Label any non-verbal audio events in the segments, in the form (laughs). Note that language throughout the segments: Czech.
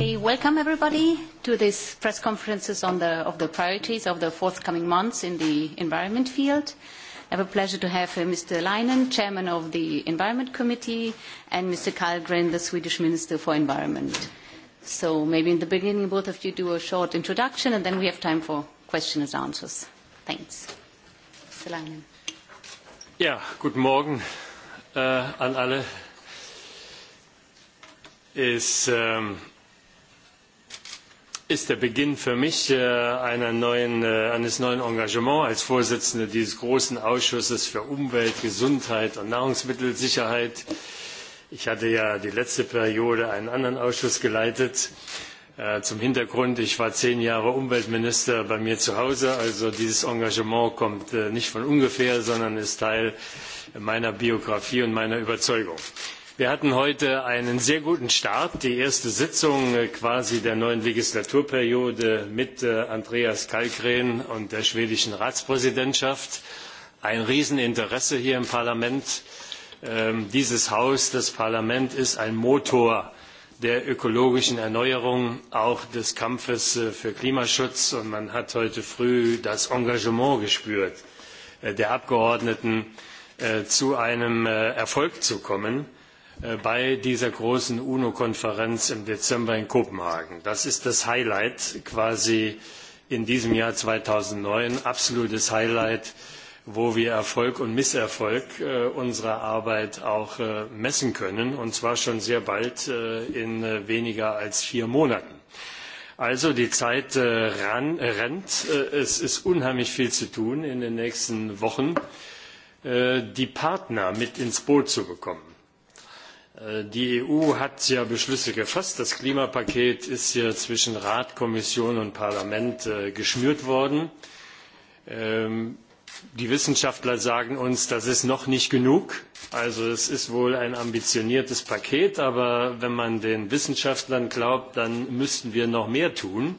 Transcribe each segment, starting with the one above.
Okay, welcome everybody to this press conferences on the, of the priorities of the forthcoming months in the environment field. I have a pleasure to have uh, Mr. Leinen, Chairman of the Environment Committee, and Mr. Carlgren, the Swedish Minister for Environment. maybe in the beginning, both of you do a short introduction, and then we have time for questions and answers. Thanks. Mr. Leinen. Yeah. Good Morgen äh, an alle. Ist, ähm, ist der Beginn für mich äh, einer neuen, äh, eines neuen Engagements als Vorsitzender dieses großen Ausschusses für Umwelt, Gesundheit und Nahrungsmittelsicherheit. Ich hatte ja die letzte Periode einen anderen Ausschuss geleitet. Äh, zum Hintergrund, ich war zehn Jahre Umweltminister bei mir zu Hause. Also dieses Engagement kommt nicht von ungefähr, sondern ist Teil meiner Biografie und meiner Überzeugung. Wir hatten heute einen sehr guten Start, die erste Sitzung äh, quasi der neuen Legislaturperiode mit äh, Andreas Kalkren und der schwedischen Ratspräsidentschaft. Ein Rieseninteresse hier im Parlament. Ähm, dieses Haus, das Parlament, ist ein Motor der ökologischen Erneuerung, auch des Kampfes äh, für Klimaschutz. Und man hat heute früh das Engagement der Abgeordneten, gespürt zu einem Erfolg zu kommen. Äh, bei dieser großen UNO-Konferenz im Dezember in Kopenhagen. Das ist das Highlight quasi in diesem Jahr 2009, absolutes Highlight, wo wir Erfolg und Misserfolg äh, unserer Arbeit auch äh, messen können, und zwar schon sehr bald äh, in äh, weniger als vier Monaten. Also die Zeit äh, ran, rennt. Es ist unheimlich viel zu tun in den nächsten Wochen, die Partner mit ins Boot zu bekommen. Äh, die EU hat ja Beschlüsse gefasst. Das Klimapaket ist ja zwischen Rat, Kommission und Parlament äh, geschnürt worden. Ähm, die Wissenschaftler sagen uns, das ist noch nicht genug. Also es ist wohl ein ambitioniertes Paket, aber wenn man den Wissenschaftlern glaubt, dann müssten wir noch mehr tun.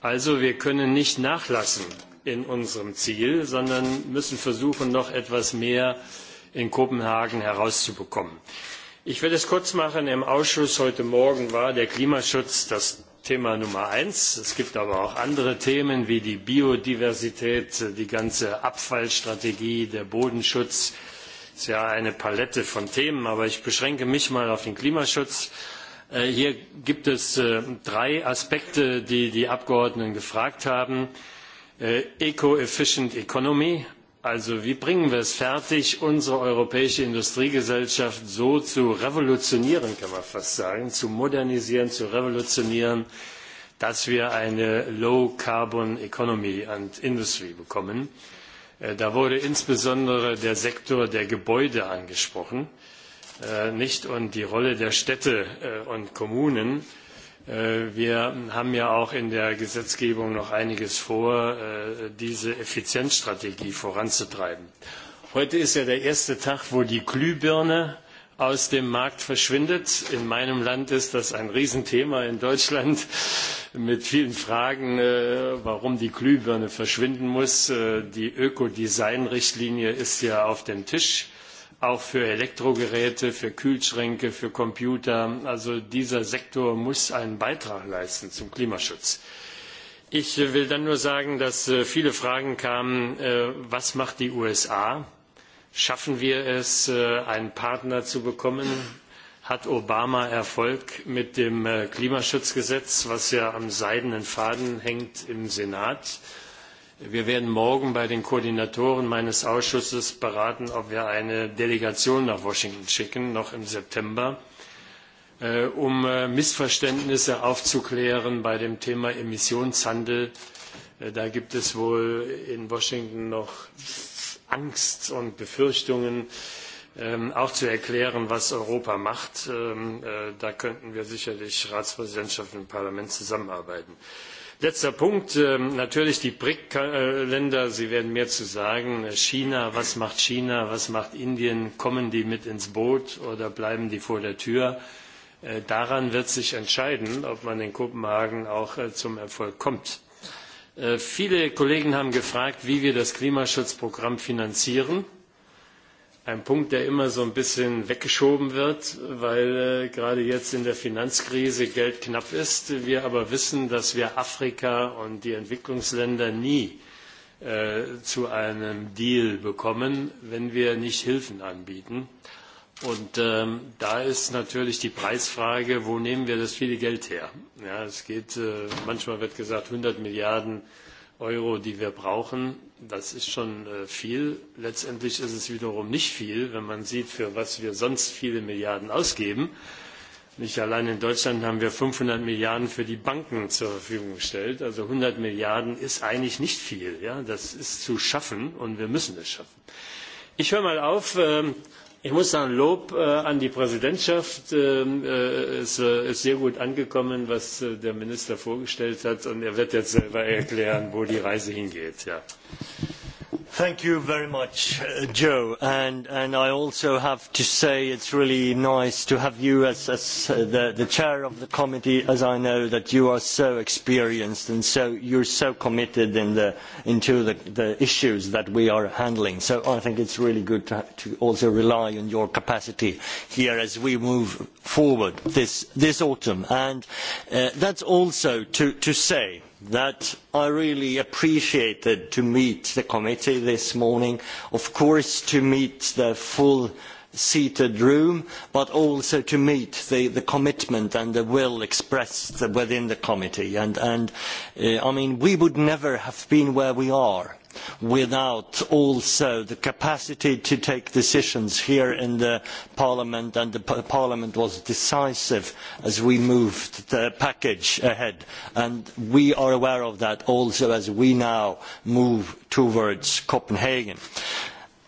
Also wir können nicht nachlassen in unserem Ziel, sondern müssen versuchen, noch etwas mehr in Kopenhagen herauszubekommen. Ich werde es kurz machen. Im Ausschuss heute Morgen war der Klimaschutz das Thema Nummer eins. Es gibt aber auch andere Themen wie die Biodiversität, die ganze Abfallstrategie, der Bodenschutz. Das ist ja eine Palette von Themen, aber ich beschränke mich mal auf den Klimaschutz. Äh, hier gibt es äh, drei Aspekte, die die Abgeordneten gefragt haben. Äh, Eco-efficient Economy, Also wie bringen wir es fertig, unsere europäische Industriegesellschaft so zu revolutionieren, kann man fast sagen, zu modernisieren, zu revolutionieren, dass wir eine Low Carbon Economy and Industry bekommen. Äh, da wurde insbesondere der Sektor der Gebäude angesprochen, äh, nicht und die Rolle der Städte äh, und Kommunen Äh, wir haben ja auch in der Gesetzgebung noch einiges vor, äh, diese Effizienzstrategie voranzutreiben. Heute ist ja der erste Tag, wo die Glühbirne aus dem Markt verschwindet. In meinem Land ist das ein Riesenthema in Deutschland (laughs) mit vielen Fragen, äh, warum die Glühbirne verschwinden muss. Die Ökodesign-Richtlinie ist ja auf dem Tisch auch für Elektrogeräte, für Kühlschränke, für Computer. Also dieser Sektor muss einen Beitrag leisten zum Klimaschutz. Ich will dann nur sagen, dass äh, viele Fragen kamen, äh, was macht die USA? Schaffen wir es, äh, einen Partner zu bekommen? Hat Obama Erfolg mit dem Klimaschutzgesetz, was ja am seidenen Faden hängt im Senat? Äh, Wir werden morgen bei den Koordinatoren meines Ausschusses beraten, ob wir eine Delegation nach Washington schicken, noch im September, äh, um äh, Missverständnisse aufzuklären bei dem Thema Emissionshandel. Äh, da gibt es wohl in Washington noch Angst und Befürchtungen, ähm, auch zu erklären, was Europa macht. Ähm, da könnten wir sicherlich Ratspräsidentschaft und Parlament zusammenarbeiten. Letzter Punkt, ähm, natürlich die BRIC-Länder, Sie werden mehr zu sagen. China, was macht China, was macht Indien? Kommen die mit ins Boot oder bleiben die vor der Tür? Äh, daran wird sich entscheiden, ob man in Kopenhagen auch äh, zum Erfolg kommt. Äh, viele Kollegen haben gefragt, wie wir das Klimaschutzprogramm finanzieren ein Punkt, der immer so ein bisschen weggeschoben wird, weil äh, gerade jetzt in der Finanzkrise Geld knapp ist. Wir aber wissen, dass wir Afrika und die Entwicklungsländer nie äh, zu einem Deal bekommen, wenn wir nicht Hilfen anbieten. Und ähm, da ist natürlich die Preisfrage, wo nehmen wir das viele Geld her? Ja, es geht, äh, manchmal wird gesagt, 100 Milliarden äh, Euro, die wir brauchen, das ist schon äh, viel. Letztendlich ist es wiederum nicht viel, wenn man sieht, für was wir sonst viele Milliarden ausgeben. Nicht allein in Deutschland haben wir 500 Milliarden für die Banken zur Verfügung gestellt. Also 100 Milliarden ist eigentlich nicht viel. Ja? Das ist zu schaffen und wir müssen es schaffen. Ich höre mal auf. Ähm, Ich muss sagen, Lob äh, an die Präsidentschaft. Ähm, äh, es äh, ist sehr gut angekommen, was der Minister vorgestellt hat. Und er wird jetzt selber erklären, wo die Reise hingeht. Ja. Thank you very much, uh, Joe. And, and I also have to say it's really nice to have you as, as uh, the, the chair of the committee, as I know that you are so experienced and so you're so committed in the, into the, the issues that we are handling. So I think it's really good to, to also rely on your capacity here as we move forward this, this autumn. And uh, that's also to, to say that I really appreciated to meet the committee this morning, of course to meet the full seated room, but also to meet the, the commitment and the will expressed within the committee. And, and uh, I mean, we would never have been where we are without also the capacity to take decisions here in the parliament and the parliament was decisive as we moved the package ahead and we are aware of that also as we now move towards copenhagen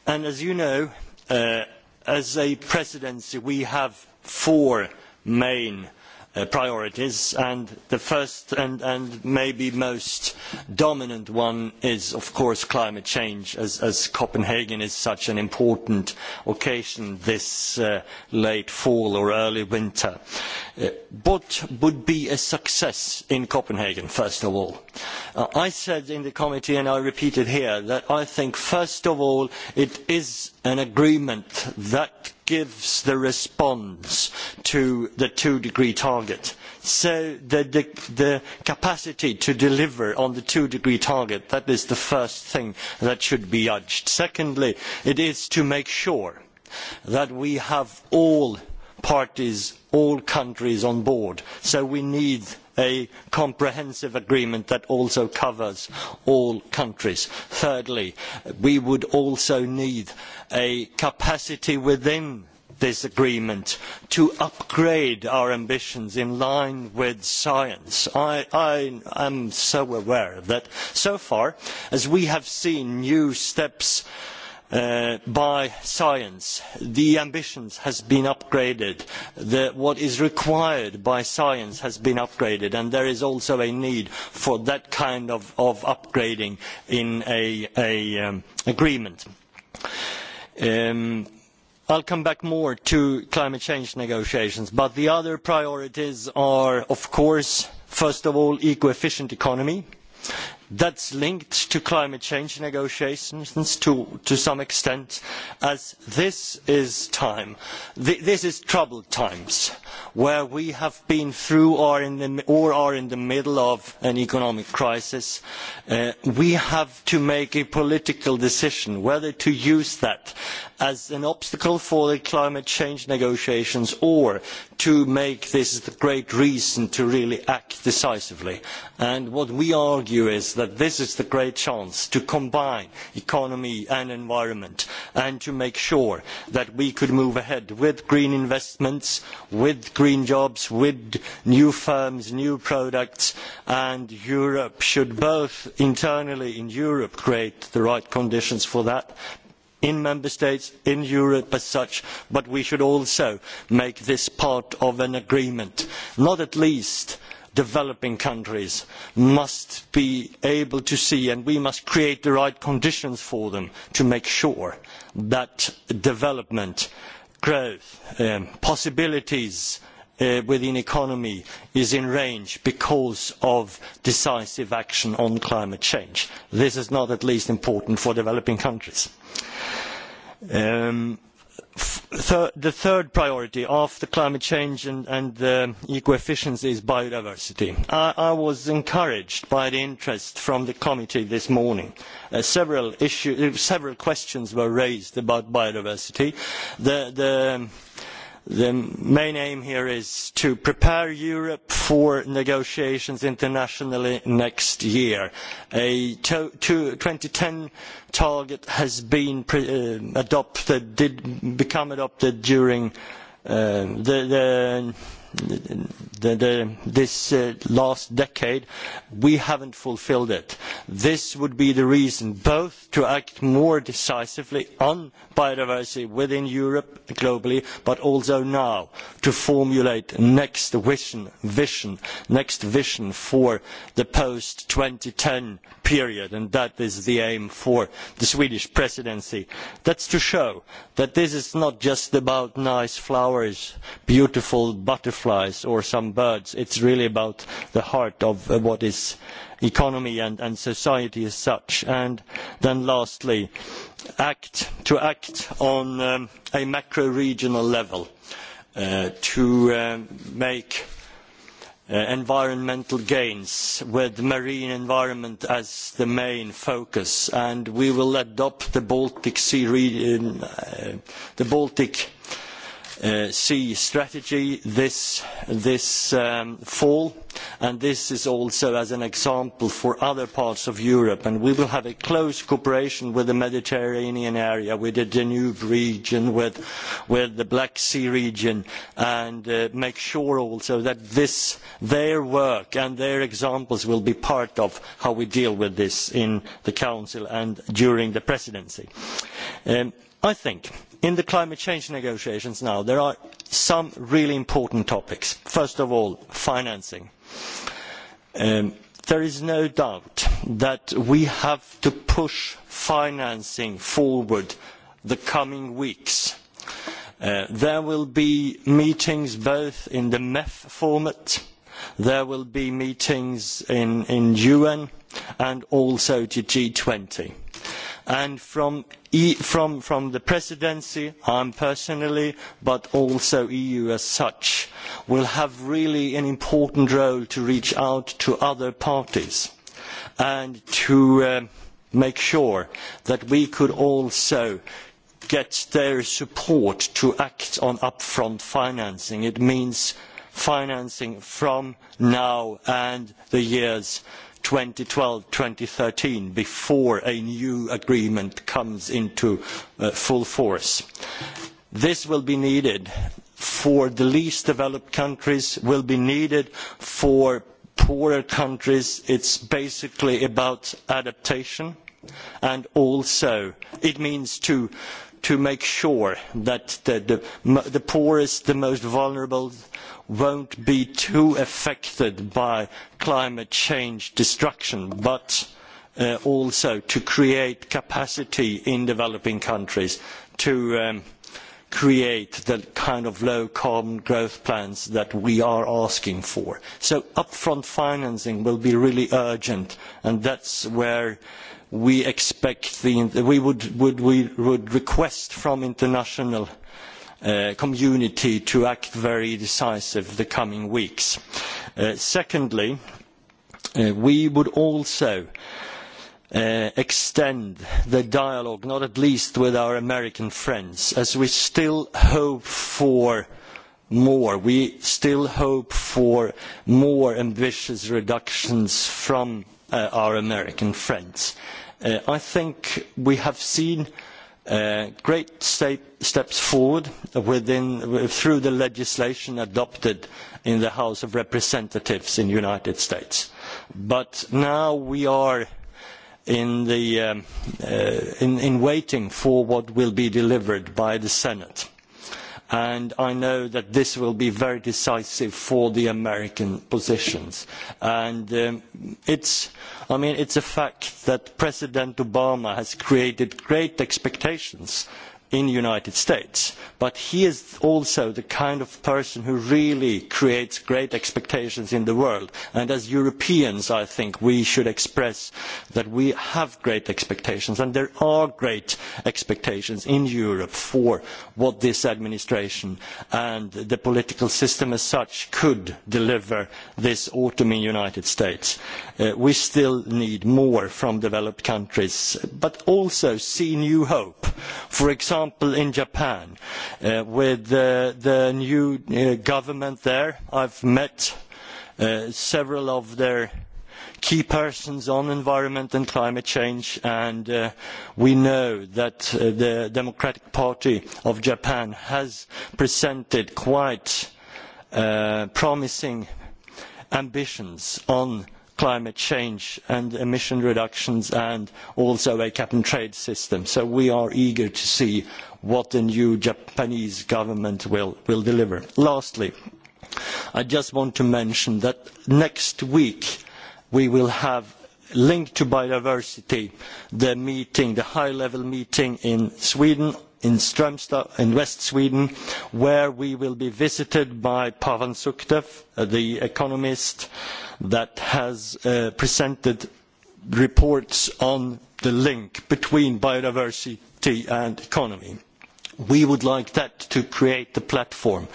and as you know uh, as a presidency we have four main uh, Uh, priorities and the first and, and maybe most dominant one is of course climate change as, as Copenhagen is such an important occasion this uh, late fall or early winter. Uh, what would be a success in Copenhagen first of all? Uh, I said in the committee and I repeat it here that I think first of all it is an agreement that gives the response to the two degree target. So the, the, the capacity to deliver on the two degree target, that is the first thing that should be judged. Secondly, it is to make sure that we have all parties, all countries on board. So we need a comprehensive agreement that also covers all countries. thirdly we would also need a capacity within this agreement to upgrade our ambitions in line with science. I, I am so aware that so far as we have seen new steps Uh, by science. The ambitions has been upgraded. what is required by science has been upgraded, and there is also a need for that kind of, of upgrading in a, a um, agreement. Um, I'll come back more to climate change negotiations, but the other priorities are, of course, first of all, eco-efficient economy that is linked to climate change negotiations to, some extent as this is time th this troubled times where we have been through or, are in the middle of an economic crisis uh, we have to make a political decision whether to use that as an obstacle for the climate change negotiations or to make this the great reason to really act decisively what we argue is that this is the great chance to combine economy and environment and to make sure that we could move ahead with green investments, with green jobs, with new firms, new products, and Europe should both internally in Europe create the right conditions for that, in member states in europe as such but we should also make this part of an agreement not least because developing countries must be able to see and we must create the right conditions for them to make sure that development, growth, um, possibilities uh, within economy is in range because of decisive action on climate change. This is not at least important for developing countries. Um, the third priority after climate change and, eco-efficiency is biodiversity. I, was encouraged by the interest from the committee this morning. Uh, uh, several, questions were raised about biodiversity. the, The main aim here is to prepare Europe for negotiations internationally next year. A thousand and 2010 target has been uh, adopted, did become adopted during uh, the the, the, this uh, last decade, we haven't fulfilled it. This would be the reason both to act more decisively on biodiversity within Europe globally, but also now to formulate next vision, vision next vision for the post-2010 period, and that is the aim for the Swedish presidency. That's to show that this is not just about nice flowers, beautiful butterflies, butterflies or some birds. It's really about the heart of uh, what is economy and, and society as such. And then lastly, act, to act on um, a macro-regional level uh, to um, make Uh, environmental gains with marine environment as the main focus and we will adopt the Baltic Sea region, uh, the Baltic uh, Uh, sea strategy this, this um, fall and this is also as an example for other parts of europe and we will have a close cooperation with the mediterranean area with the danube region with, with the black sea region and uh, make sure also that this, their work and their examples will be part of how we deal with this in the council and during the presidency. Um, i think in the climate change negotiations now there are some really important topics. first of all financing. Um, there is no doubt that we have to push financing forward in the coming weeks. Uh, there will be meetings both in the mff format, there will be meetings in, in UN and also to G20 and e, from, from, the presidency i am personally but also the eu as such will have really an important role to reach out to other parties and to um, make sure that we could also get their support to act on upfront financing. it means financing from now and the years 2012 2013 before a new agreement comes into uh, full force. This will be needed for the least developed countries, will be needed for poorer countries. It's basically about adaptation and also it means to to make sure that the, the, the poorest, the most vulnerable won't be too affected by climate change destruction, but uh, also to create capacity in developing countries to um, create the kind of low carbon growth plans that we are asking for. So upfront financing will be really urgent, and that's where we would, request from international uh, community to act very decisive the coming weeks. Uh, secondly, uh, we would also extend the dialogue, not at least with our American friends, as we still hope for more. We still hope for more ambitious reductions from uh, our American friends. Uh, I think we have seen uh, great steps forward within, through the legislation adopted in the House of Representatives in the United States. But now we are in, the, um, uh, in, in waiting for what will be delivered by the Senate and I know that this will be very decisive for the American positions. And um, it's, I mean, it's a fact that President Obama has created great expectations in the united states but he is also the kind of person who really creates great expectations in the world and as europeans i think we should express that we have great expectations and there are great expectations in europe for what this administration and the political system as such could deliver this autumn in the united states. Uh, we still need more from developed countries but also see new hope for example example in Japan uh, with the new uh, government there. I've met uh, several of their key persons on environment and climate change and uh, we know that uh, the Democratic Party of Japan has presented quite uh, promising ambitions on climate change and emission reductions and also a cap and trade system. So we are eager to see what the new Japanese government will, will deliver. Lastly, I just want to mention that next week we will have linked to biodiversity the meeting, the high-level meeting in Sweden in Strömstad in West Sweden, where we will be visited by Pavan Sukhdev, uh, the economist that has uh, presented reports on the link between biodiversity and economy we would like that to create the platform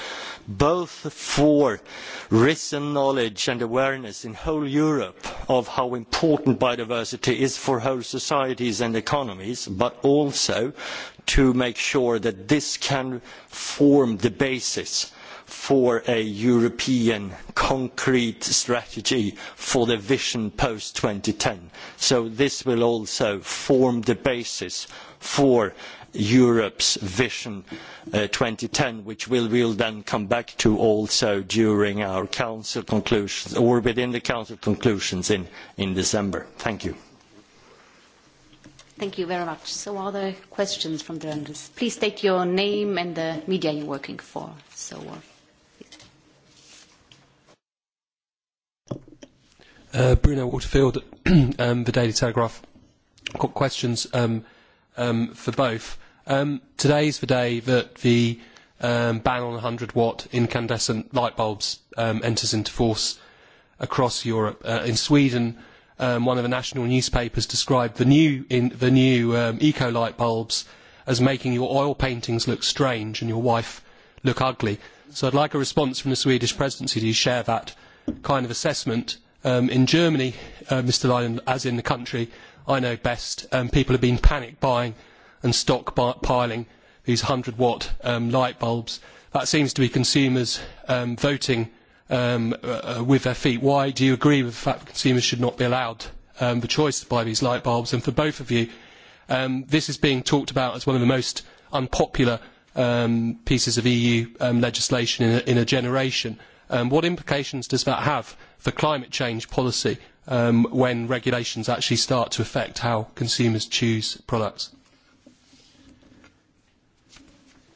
both for risen knowledge and awareness in whole Europe of how important biodiversity is for whole societies and economies but also to make sure that this can form the basis for a European concrete strategy for the vision post 2010 so this will also form the basis for Europe's Vision uh, 2010, which we will then come back to also during our council conclusions or within the council conclusions in, in December. Thank you. Thank you very much. So are there questions from the journalists? Please state your name and the media you're working for. So, uh, uh Bruno Waterfield, (clears throat) um, The Daily Telegraph. Got questions. Um, um, for both. Um, today's the day that the um, ban on 100 watt incandescent light bulbs um, enters into force across Europe. Uh, in Sweden, um, one of the national newspapers described the new, in, the new um, eco light bulbs as making your oil paintings look strange and your wife look ugly. So I'd like a response from the Swedish presidency. Do you share that kind of assessment? Um, in Germany, uh, Mr. Leinen, as in the country, i know best, um, people have been panic buying and stockpiling these 100 watt um, light bulbs. That seems to be consumers um, voting um, uh, uh, with their feet. Why do you agree with the fact that consumers should not be allowed um, the choice to buy these light bulbs? And for both of you, um, this is being talked about as one of the most unpopular um, pieces of EU um, legislation in a, in a generation. Um, what implications does that have for climate change policy um, when regulations actually start to affect how consumers choose products?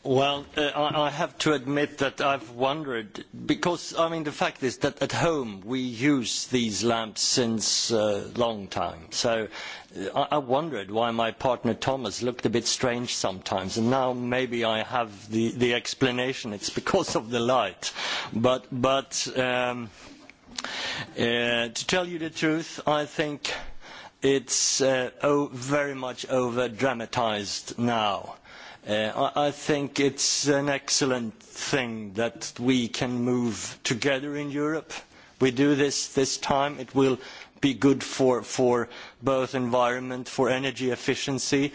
Well, uh, I, I have to admit that I've wondered because I mean the fact is that at home we use these lamps since a uh, long time. So uh, I, I wondered why my partner Thomas looked a bit strange sometimes, and now maybe I have the, the explanation. It's because of the light, but but. Um, Uh, to tell you the truth, I think it's uh, very much over-dramatized now. Uh, I, I think it's an excellent thing that we can move together in Europe. We do this this time. It will be good for, for both environment, for energy efficiency.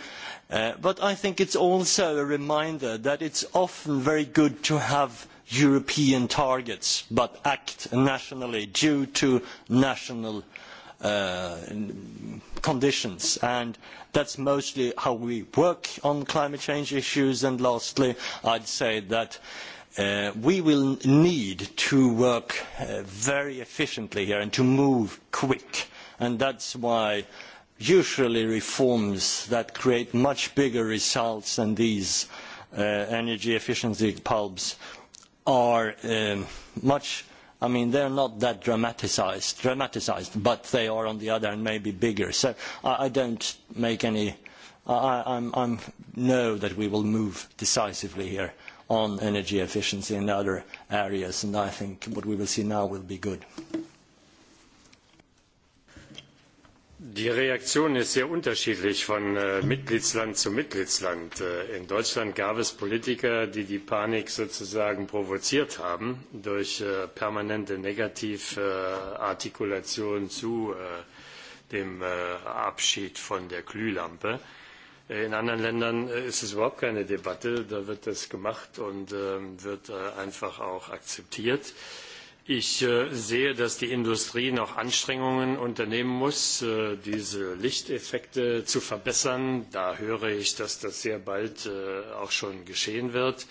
Uh, but I think it's also a reminder that it's often very good to have European targets but act nationally due to national uh, conditions. And that's mostly how we work on climate change issues. And lastly, I'd say that uh, we will need to work uh, very efficiently here and to move quick. And that's why usually reforms that create much bigger results than these uh, energy efficiency bulbs are um, much I mean, they're not that dramatized, dramatized, but they are, on the other hand, maybe bigger. So I, I don't make any, I I'm, I'm know that we will move decisively here on energy efficiency and other areas, and I think what we will see now will be good. Die Reaktion ist sehr unterschiedlich von äh, Mitgliedsland zu Mitgliedsland. Äh, in Deutschland gab es Politiker, die die Panik sozusagen provoziert haben durch äh, permanente Negativartikulation zu dem Abschied von der Glühlampe. In anderen Ländern ist es überhaupt keine Debatte, da wird das gemacht und ähm, wird einfach auch akzeptiert. Ich äh, sehe, dass die Industrie noch Anstrengungen unternehmen muss, äh, diese Lichteffekte zu verbessern. Da höre ich, dass das sehr bald äh, auch schon geschehen wird.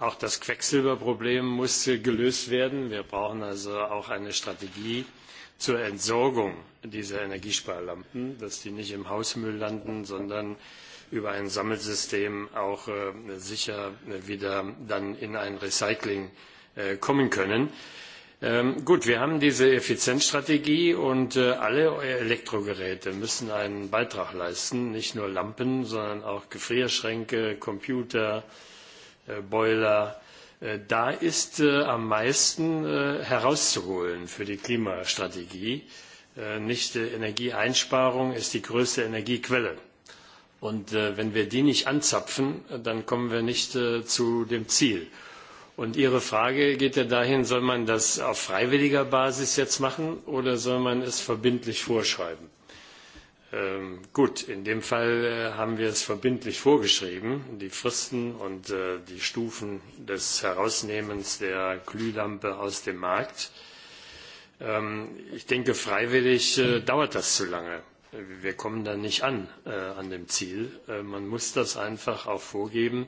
Auch das Quecksilberproblem muss gelöst werden. Wir brauchen also auch eine Strategie zur Entsorgung dieser Energiesparlampen, dass die nicht im Hausmüll landen, sondern über ein Sammelsystem auch sicher wieder dann in ein Recycling kommen können. Ähm, gut, wir haben diese Effizienzstrategie und äh, alle Elektrogeräte müssen einen Beitrag leisten, nicht nur Lampen, sondern auch Gefrierschränke, Computer, äh, Boiler. Äh, da ist am meisten herauszuholen für die Klimastrategie. Nicht Energieeinsparung ist die größte Energiequelle. Und wenn wir die nicht anzapfen, dann kommen wir nicht zu dem Ziel. Und Ihre Frage geht ja dahin, soll man das auf freiwilliger Basis jetzt machen oder soll man es verbindlich vorschreiben? Ähm, gut, in dem Fall äh, haben wir es verbindlich vorgeschrieben, die Fristen und äh, die Stufen des Herausnehmens der Glühlampe aus dem Markt. Ähm, ich denke, freiwillig äh, dauert das zu lange. Wir kommen da nicht an, äh, an dem Ziel. Äh, man muss das einfach auch vorgeben. Äh,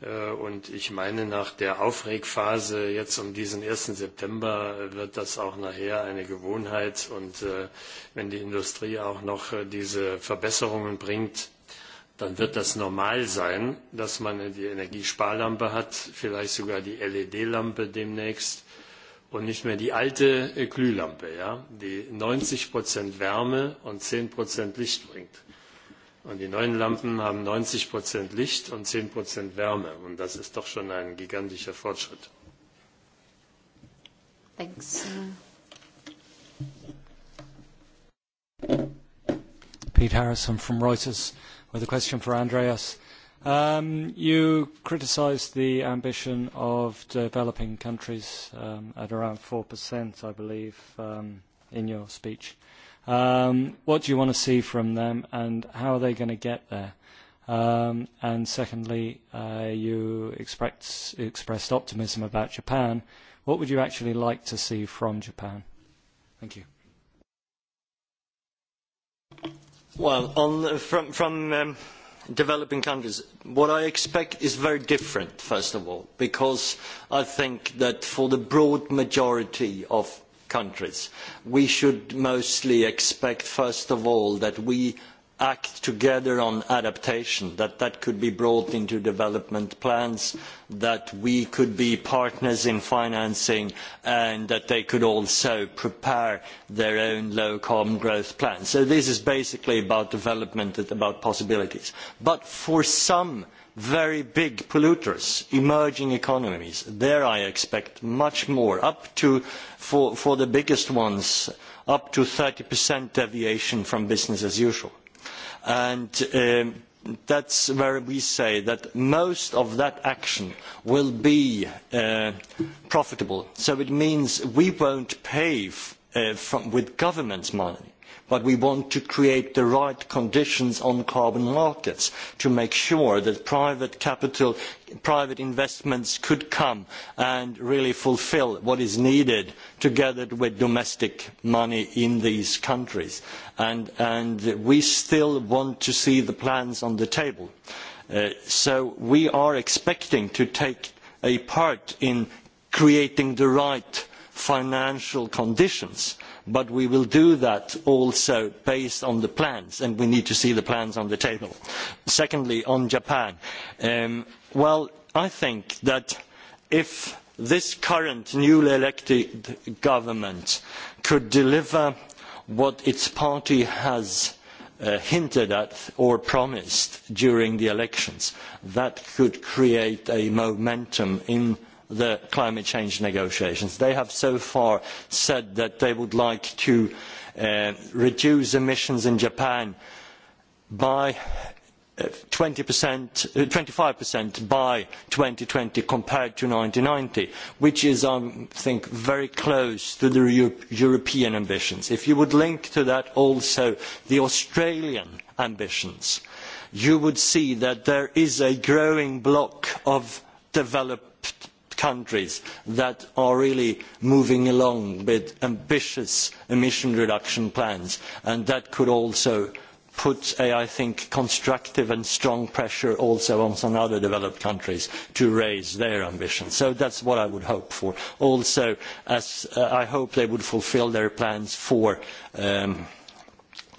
Äh, und ich meine, nach der Aufregphase jetzt um diesen 1. September wird das auch nachher eine Gewohnheit. Und äh, wenn die Industrie auch noch äh, diese Verbesserungen bringt, dann wird das normal sein, dass man die Energiesparlampe hat, vielleicht sogar die LED-Lampe demnächst und nicht mehr die alte Glühlampe, ja, die 90 Prozent Wärme und 10 Prozent Licht bringt. Und die neuen Lampen haben 90 Prozent Licht und 10 Prozent Wärme. Und das ist doch schon ein gigantischer Fortschritt. Thanks. Pete Harrison from Reuters with a question for Andreas. Um, you criticised the ambition of developing countries um, at around 4%, I believe, um, in your speech. Um, what do you want to see from them, and how are they going to get there? Um, and secondly, uh, you expect, expressed optimism about Japan. What would you actually like to see from Japan? Thank you. Well, on, the, from, from um, developing countries, what I expect is very different, first of all, because I think that for the broad majority of countries. We should mostly expect, first of all, that we act together on adaptation, that that could be brought into development plans, that we could be partners in financing, and that they could also prepare their own low-carbon growth plans. So this is basically about development, and about possibilities. But for some very big polluters, emerging economies. There I expect much more, up to, for, for the biggest ones, up to 30% deviation from business as usual. And um, that's where we say that most of that action will be uh, profitable. So it means we won't pay f, uh, from, with government's money but we want to create the right conditions on carbon markets to make sure that private capital, private investments could come and really fulfil what is needed together with domestic money in these countries. And, and we still want to see the plans on the table. Uh, so we are expecting to take a part in creating the right financial conditions but we will do that also based on the plans, and we need to see the plans on the table. Secondly, on Japan, um, I think that if this current newly elected government could deliver what its party has uh, hinted at or promised during the elections, that could create a momentum in the climate change negotiations. They have so far said that they would like to uh, reduce emissions in Japan by 25% uh, uh, by 2020 compared to 1990, which is, I think, very close to the European ambitions. If you would link to that also the Australian ambitions, you would see that there is a growing block of developed countries that are really moving along with ambitious emission reduction plans and that could also put a, I think, constructive and strong pressure also on some other developed countries to raise their ambitions. So that's what I would hope for. Also, as uh, I hope they would fulfill their plans for um,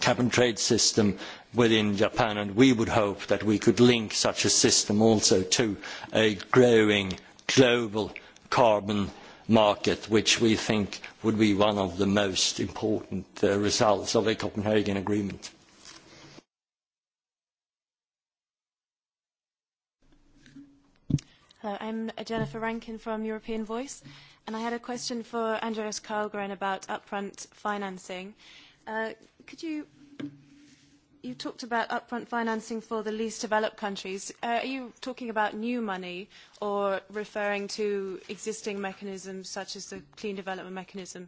cap and trade system within Japan, and we would hope that we could link such a system also to a growing global carbon market, which we think would be one of the most important uh, results of a Copenhagen Agreement. Hello, I'm Jennifer Rankin from European Voice, and I had a question for Andreas Karlgren about upfront financing. Uh, could you you talked about upfront financing for the least developed countries. Uh, are you talking about new money or referring to existing mechanisms such as the Clean Development Mechanism?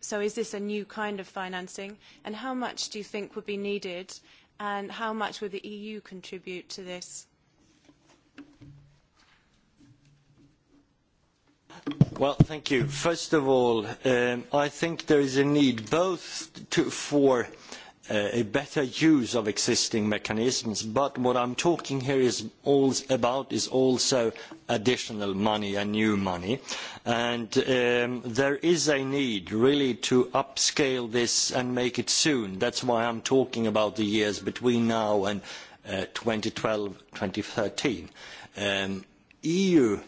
So is this a new kind of financing? And how much do you think would be needed? And how much would the EU contribute to this? Well, thank you. First of all, um, I think there is a need both to, for uh, Uh, a better use of existing mechanisms. But what I'm talking here is all about is also additional money and new money. And um, there is a need really to upscale this and make it soon. That's why I'm talking about the years between now and uh, 2012, 2013. Um, EU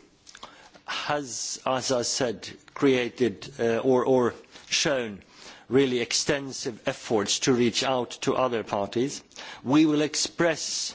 has, as I said, created uh, or, or shown really extensive efforts to reach out to other parties. We will express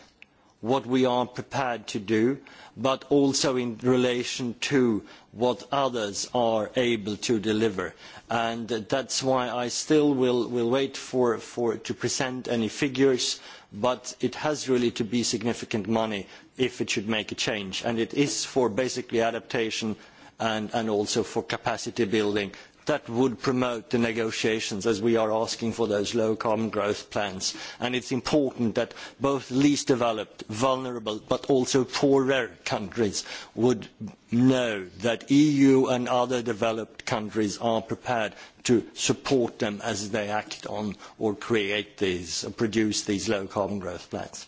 what we are prepared to do, but also in relation to what others are able to deliver. And that's why I still will, will wait for, for, to present any figures, but it has really to be significant money if it should make a change. And it is for basically adaptation and, and also for capacity building that would promote the negotiations as we are asking for those low carbon growth plans. And it's important that both least developed, vulnerable, but also poorer countries would know that EU and other developed countries are prepared to support them as they act on or create these, or produce these low carbon growth plans.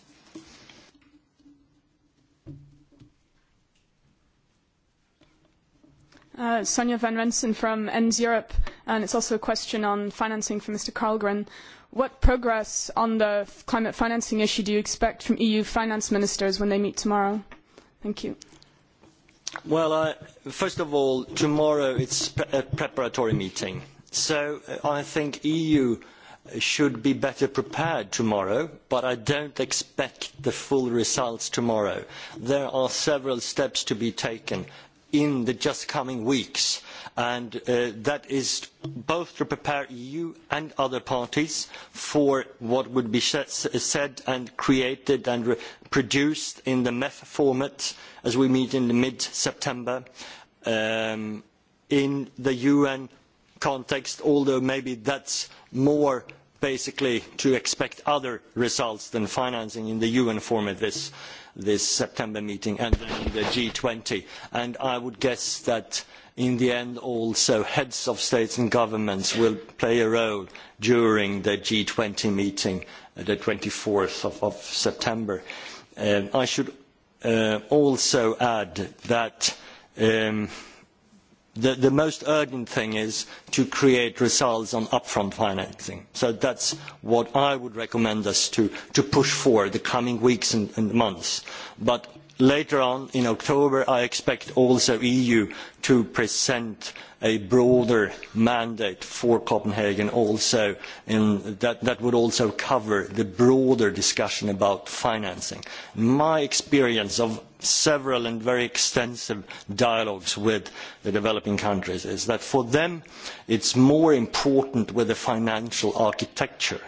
Uh, Sonja van Rensen from ENDS Europe, and it's also a question on financing for Mr. Carlgren. What progress on the climate financing issue do you expect from EU finance ministers when they meet tomorrow? Thank you. Well, first of all, tomorrow it's a preparatory meeting. So uh, I think EU should be better prepared tomorrow, but I don't expect the full results tomorrow. There are several steps to be taken in the just coming weeks and uh, that is both to prepare EU and other parties for what would be said and created and produced in the MEF format as we meet in mid-September um, in the UN context, although maybe that's more basically to expect other results than financing in the UN format this. Uh, this September meeting and then in the G20. And I would guess that in the end also heads of states and governments will play a role during the G20 meeting, uh, the 24th of, of September. Um, I should uh, also add that um, the, most urgent thing is to create results on upfront financing. So that's what I would recommend us to, to push for the coming weeks and, and months. But later on in October, I expect also EU to present a broader mandate for Copenhagen also that, that would also cover the broader discussion about financing. My experience of several and very extensive dialogues with the developing countries is that for them it's more important with the financial architecture.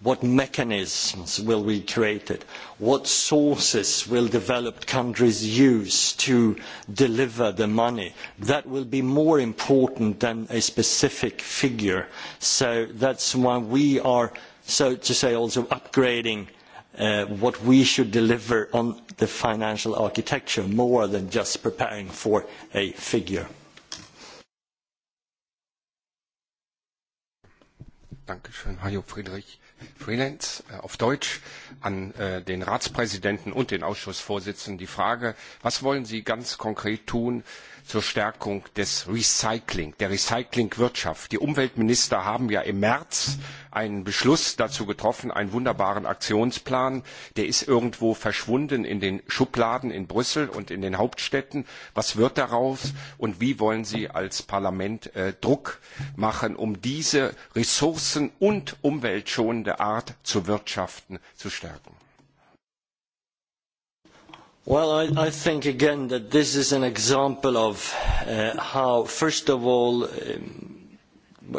What mechanisms will be created? What sources will developed countries use to deliver the money? That will be more important than a specific figure. So that's why we are, so to say, also upgrading Uh, what we should deliver on the financial architecture more than just preparing for a figure. Dankeschön, Hajo Friedrich. Freelance äh, auf Deutsch an äh, den Ratspräsidenten und den Ausschussvorsitzenden die Frage, was wollen Sie ganz konkret tun zur Stärkung des Recycling, der Recyclingwirtschaft? Die Umweltminister haben ja im März einen Beschluss dazu getroffen, einen wunderbaren Aktionsplan. Der ist irgendwo verschwunden in den Schubladen in Brüssel und in den Hauptstädten. Was wird daraus und wie wollen Sie als Parlament äh, Druck machen, um diese ressourcen- und umweltschonende spannende Art zu wirtschaften zu stärken. Well, I, I think again that this is an example of uh, how, first of all, um,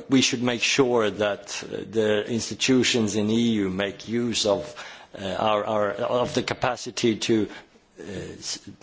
we should make sure that uh, the institutions in EU make use of uh, our, our, of the capacity to Uh,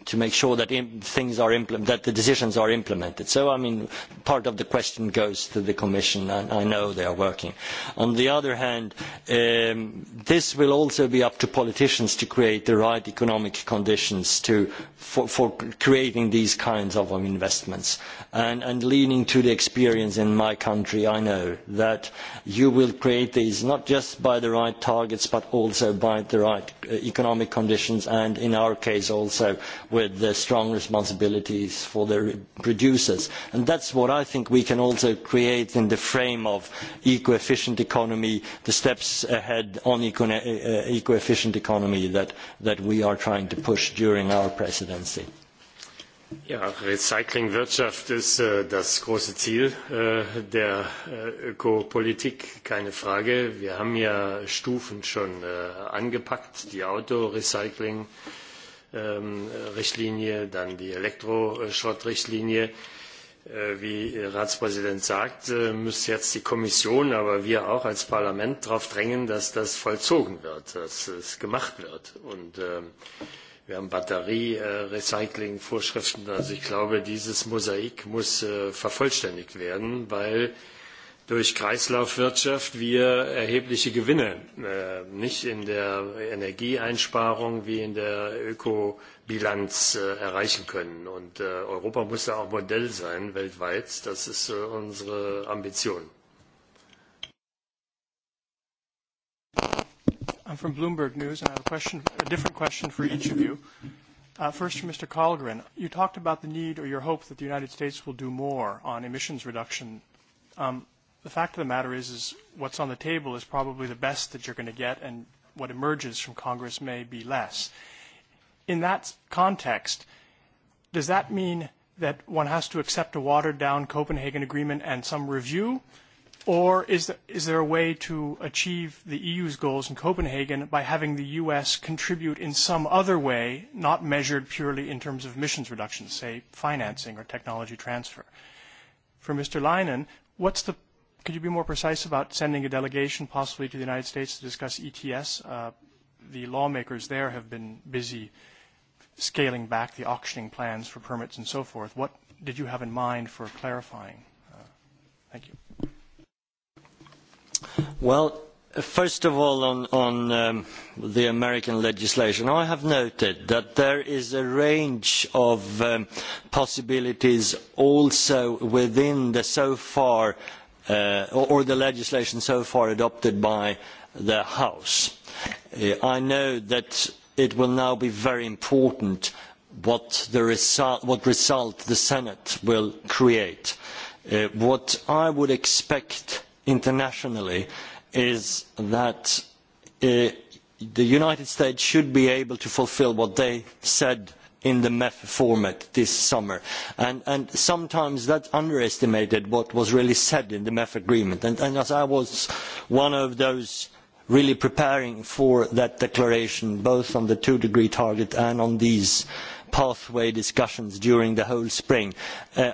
to make sure that things are that the decisions are implemented. So, I mean, part of the question goes to the Commission, and I know they are working. On the other hand, um, this will also be up to politicians to create the right economic conditions to, for, for creating these kinds of um, investments. And, and leaning to the experience in my country, I know that you will create these not just by the right targets, but also by the right uh, economic conditions, and in our case countries also with the strong responsibilities for their producers. And that's what I think we can also create in the frame of eco-efficient economy, the steps ahead on uh, eco-efficient economy that, that we are trying to push during our presidency. Ja, Recyclingwirtschaft ist äh, das große Ziel äh, der äh, Ökopolitik, keine Frage. Wir haben ja Stufen schon äh, angepackt, die Autorecycling, äh, Ehm, Richtlinie, dann die Elektroschrottrichtlinie. Äh, wie Ratspräsident sagt, äh, muss jetzt die Kommission, aber wir auch als Parlament darauf drängen, dass das vollzogen wird, dass es gemacht wird. Und ähm, wir haben Batterie-Recycling-Vorschriften. Äh, also ich glaube, dieses Mosaik muss vervollständigt werden, weil durch Kreislaufwirtschaft wir erhebliche Gewinne, äh, nicht in der Energieeinsparung wie in der Ökobilanz äh, erreichen können. Und äh, Europa muss da auch Modell sein weltweit. Das ist äh, unsere Ambition. I'm from Bloomberg News and I have a question, a different question for each of you. Uh, first, for Mr. Colgren, you talked about the need or your hope that the United States will do more on emissions reduction. Um, the fact of the matter is, is what's on the table is probably the best that you're going to get, and what emerges from Congress may be less. In that context, does that mean that one has to accept a watered-down Copenhagen Agreement and some review, or is there, is there a way to achieve the EU's goals in Copenhagen by having the US contribute in some other way, not measured purely in terms of emissions reduction, say financing or technology transfer? For Mr. Leinen, what's the could you be more precise about sending a delegation possibly to the United States to discuss ETS? Uh, the lawmakers there have been busy scaling back the auctioning plans for permits and so forth. What did you have in mind for clarifying? Uh, thank you. Well, first of all, on, on um, the American legislation, I have noted that there is a range of um, possibilities also within the so far uh, or, the legislation so far adopted by the House. Uh, I know that it will now be very important what, the result, what result the Senate will create. Uh, what I would expect internationally is that uh, the United States should be able to fulfill what they said in the MEF format this summer. And, and sometimes that underestimated what was really said in the MEF agreement. And, and as I was one of those really preparing for that declaration, both on the two-degree target and on these pathway discussions during the whole spring, uh,